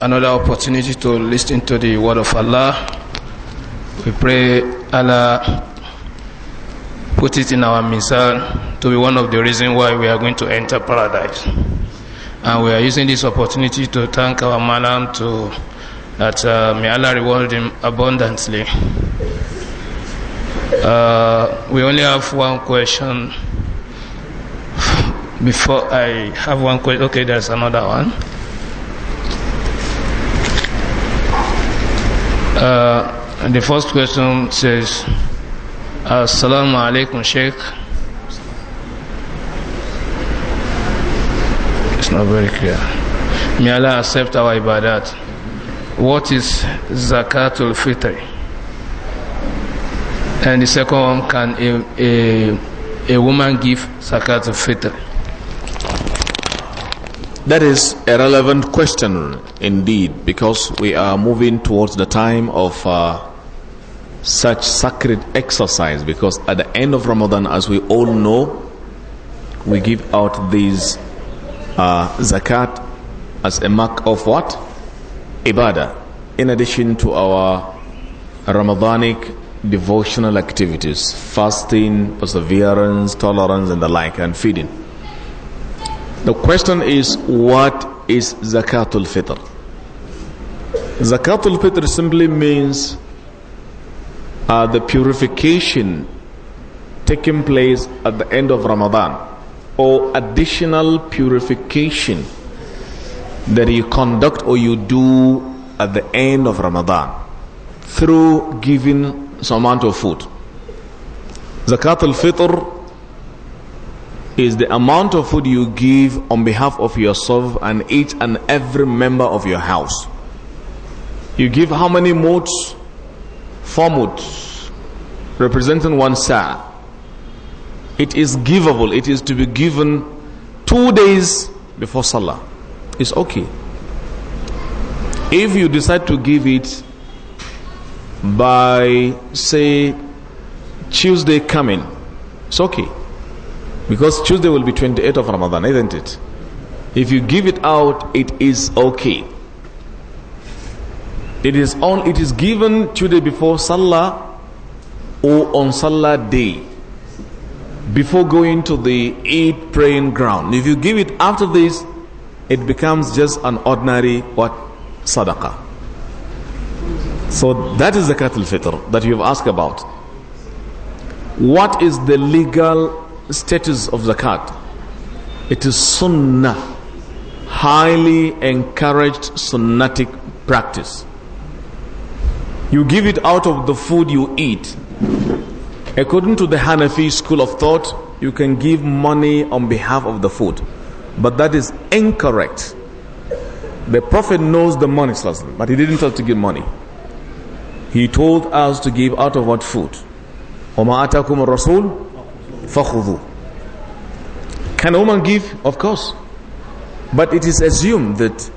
another opportunity to listen to the word of Allah. We pray Allah put it in our misal to be one of the reasons why we are going to enter paradise. And we are using this opportunity to thank our malam to that uh, may Allah reward him abundantly. Uh, we only have one question. Before I have one question, okay, there's another one. Uh, the first question says, Assalamu alaikum, Sheikh. It's not very clear. May Allah accept our ibadat. What is Zakatul Fitr? And the second one, can a, a, a woman give Zakatul Fitr? That is a relevant question indeed because we are moving towards the time of uh, such sacred exercise because at the end of Ramadan, as we all know, we give out these uh, zakat as a mark of what? Ibadah. In addition to our Ramadanic devotional activities, fasting, perseverance, tolerance, and the like, and feeding. The question is, what is zakatul fitr? Zakatul fitr simply means uh, the purification taking place at the end of Ramadan or additional purification that you conduct or you do at the end of Ramadan through giving some amount of food. Zakat al-Fitr is the amount of food you give on behalf of yourself and each and every member of your house. You give how many moods? Four moods, representing one sir. It is givable, it is to be given two days before Salah. It's okay. If you decide to give it by, say, Tuesday coming, it's okay because Tuesday will be 28th of Ramadan, isn't it? If you give it out, it is okay. It is on, it is given Tuesday before Salah or on Salah day before going to the Eid praying ground. If you give it after this, it becomes just an ordinary what? Sadaqah. So that is the Zakat fitr that you've asked about. What is the legal status of zakat. It is sunnah, highly encouraged sunnatic practice. You give it out of the food you eat. According to the Hanafi school of thought, you can give money on behalf of the food. But that is incorrect. The Prophet knows the money, but he didn't tell us to give money. He told us to give out of what food? وَمَا فَخُذُوا Can a woman give? Of course. But it is assumed that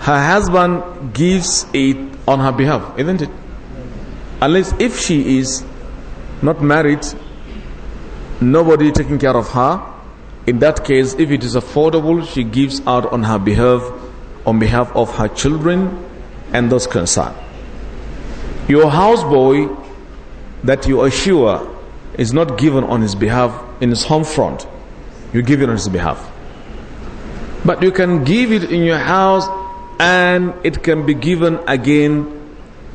her husband gives it on her behalf, isn't it? Unless if she is not married, nobody taking care of her, in that case, if it is affordable, she gives out on her behalf, on behalf of her children and those concerned. Your houseboy that you assure is not given on his behalf in his home front. You give it on his behalf. But you can give it in your house and it can be given again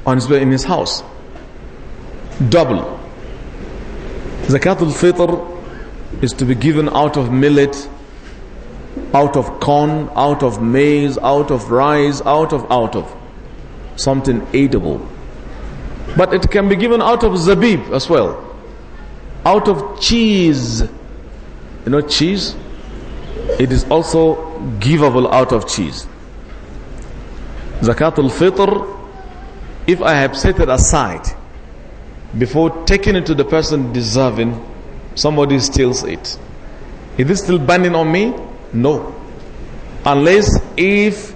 on his, in his house. Double. al Fitr is to be given out of millet, out of corn, out of maize, out of rice, out of, out of. Something edible. But it can be given out of zabib as well out of cheese. You know cheese? It is also givable out of cheese. Zakatul fitr, if I have set it aside before taking it to the person deserving, somebody steals it. Is this still binding on me? No. Unless if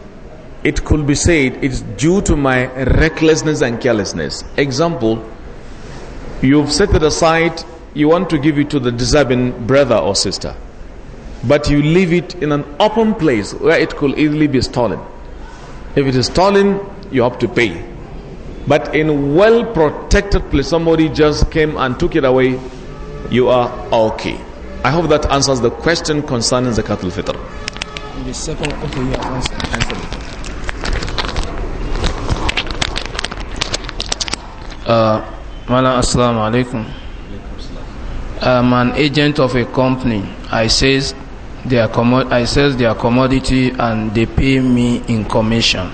it could be said it's due to my recklessness and carelessness. Example, you've set it aside you want to give it to the deserving brother or sister. But you leave it in an open place where it could easily be stolen. If it is stolen, you have to pay. But in well protected place, somebody just came and took it away, you are okay. I hope that answers the question concerning the cattle fitr. Uh, Mala, assalamu alaikum. I'm um, an agent of a company. I sales their, commo- I sell their commodity and they pay me in commission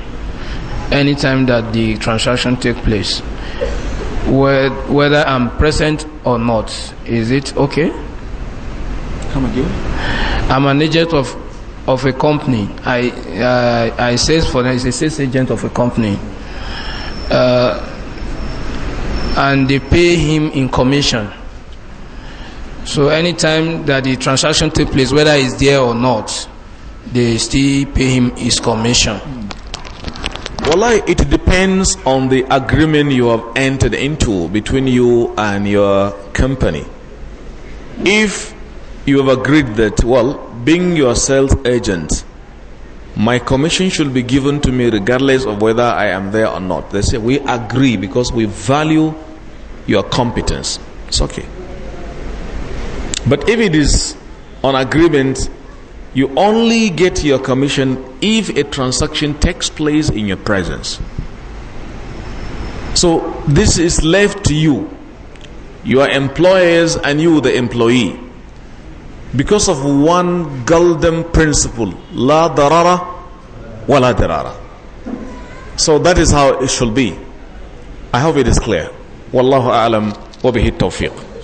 anytime that the transaction take place. Whether I'm present or not, is it okay? Come again. I'm an agent of of a company. I uh, I sales for them. It's a sales agent of a company. Uh, and they pay him in commission. So anytime that the transaction takes place, whether he's there or not, they still pay him his commission. Well, it depends on the agreement you have entered into between you and your company. If you have agreed that, well, being your sales agent, my commission should be given to me regardless of whether I am there or not. They say, we agree because we value your competence. It's okay. But if it is on agreement, you only get your commission if a transaction takes place in your presence. So this is left to you, your employers and you, the employee. Because of one golden principle, la darara wa la darara. So that is how it should be. I hope it is clear. Wallahu a'lam wa bihi tawfiq.